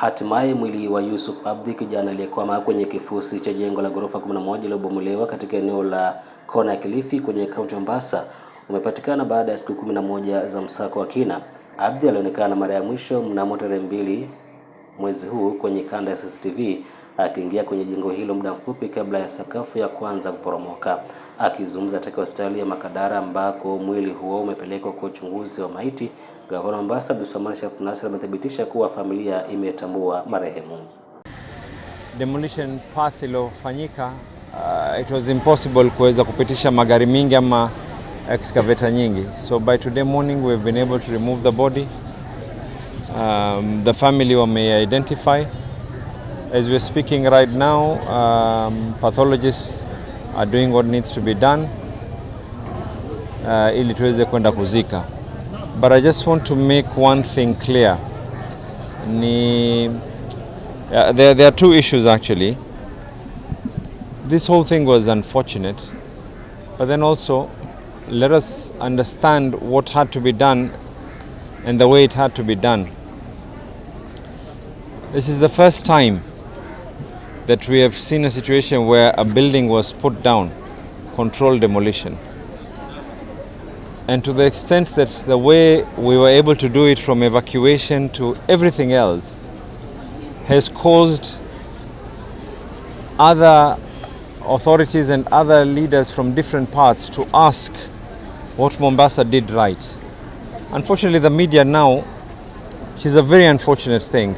Hatimaye mwili wa Yusuf Abdi, kijana aliyekwama kwenye kifusi cha jengo la ghorofa 11 lililobomolewa katika eneo la kona ya Kilifi kwenye kaunti ya Mombasa umepatikana baada ya siku 11 za msako wa kina. Abdi alionekana mara ya mwisho mnamo tarehe mbili mwezi huu kwenye kanda ya CCTV akiingia kwenye jengo hilo muda mfupi kabla ya sakafu ya kwanza kuporomoka. Akizungumza katika hospitali ya Makadara ambako mwili huo umepelekwa kwa uchunguzi wa maiti, gavana wa Mombasa Abdulswamad Sharif Nassir amethibitisha kuwa familia imetambua marehemu. Demolition path iliyofanyika, uh, it was impossible kuweza kupitisha magari mingi ama excavator nyingi, so by today morning we've been able to remove the body Um, the family may identify As we're speaking right now, um, pathologists are doing what needs to be done uh, ili tuweze kwenda kuzika. But I just want to make one thing clear. Ni uh, there, there are two issues actually. This whole thing was unfortunate, but then also let us understand what had to be done and the way it had to be done. This is the first time that we have seen a situation where a building was put down, controlled demolition. And to the extent that the way we were able to do it from evacuation to everything else has caused other authorities and other leaders from different parts to ask what Mombasa did right. Unfortunately, the media now, which is a very unfortunate thing,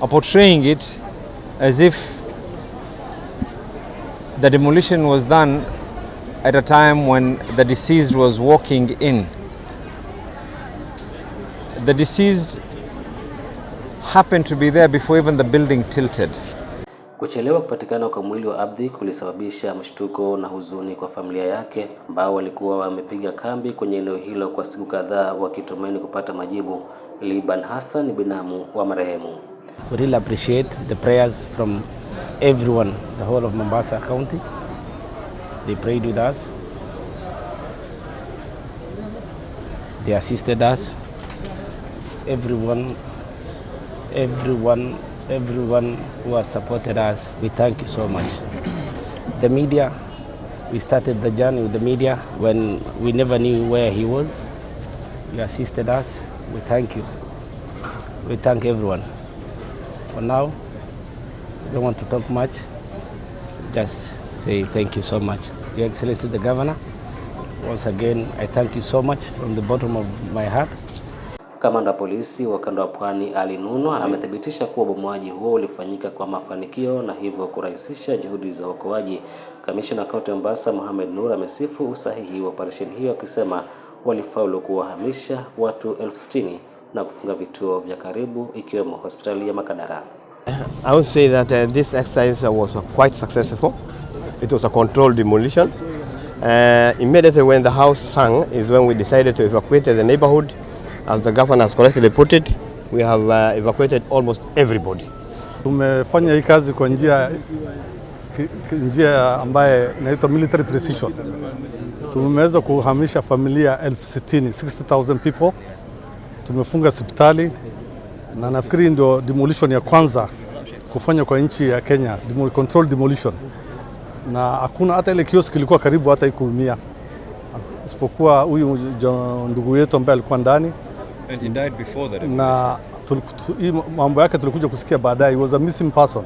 are portraying it as if the demolition was done at a time when the deceased was walking in. The deceased happened to be there before even the building tilted. Kuchelewa kupatikana kwa mwili wa Abdi kulisababisha mshtuko na huzuni kwa familia yake ambao walikuwa wamepiga kambi kwenye eneo hilo kwa siku kadhaa wakitumaini kupata majibu. Liban Hassan binamu wa marehemu We really appreciate the prayers from everyone, the whole of Mombasa County. They prayed with us. They assisted us. Everyone, everyone, everyone who has supported us, we thank you so much. The media, we started the journey with the media when we never knew where he was. You assisted us. We thank you. We thank everyone. For now, I don't want to talk much. Just say thank you so much. Your Excellency the Governor, once again, I thank you so much from the bottom of my heart. Kamanda wa polisi wa kanda wa Pwani Ali Nuno amethibitisha kuwa ubomoaji huo ulifanyika kwa mafanikio na hivyo kurahisisha juhudi za uokoaji. Kamishna kaunti ya Mombasa Mohamed Nur amesifu usahihi wa operesheni hiyo akisema walifaulu kuwahamisha watu elfu sitini na kufunga vituo vya karibu ikiwemo hospitali ya Makadara. I would say that uh, this exercise was uh, quite successful. It was a controlled demolition. Uh, immediately when the house sank is when we decided to evacuate the neighborhood. As the governor has correctly put it, we have uh, evacuated almost everybody. Tumefanya hii kazi kwa njia njia ambaye inaitwa military precision. Tumeweza kuhamisha familia elfu sitini, 60,000 people tumefunga hospitali na nafikiri ndio demolition ya kwanza kufanya kwa nchi ya Kenya, control demolition, na hakuna hata ile kiosk ilikuwa karibu hata ikuumia, isipokuwa huyu ndugu yetu ambaye alikuwa ndani And he died before that, na mambo yake tulikuja kusikia baadaye, was a missing person.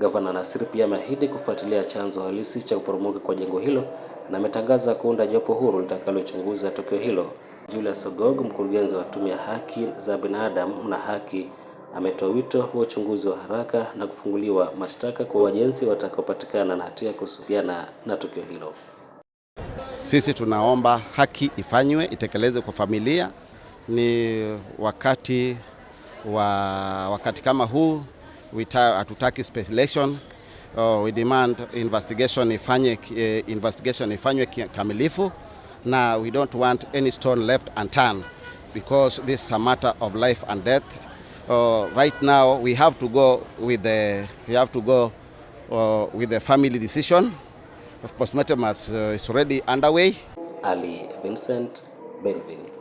Gavana Nasir pia ameahidi kufuatilia chanzo halisi cha kuporomoka kwa jengo hilo na ametangaza kuunda jopo huru litakalochunguza tukio hilo. Julius Ogog, mkurugenzi wa Tume ya Haki za Binadamu na Haki, ametoa wito wa uchunguzi wa haraka na kufunguliwa mashtaka kwa wajenzi watakaopatikana na hatia kuhusiana na tukio hilo. Sisi tunaomba haki ifanywe, itekelezwe kwa familia. Ni wakati wa wakati kama huu hatutaki speculation oh, we demand investigation ifanye, uh, investigation ifanywe kamilifu na we don't want any stone left unturned because this is a matter of life and death. Uh, right now we have to go with the, we have to go uh, with the family decision. Postmortem uh, is already underway. Ali Vincent Benville.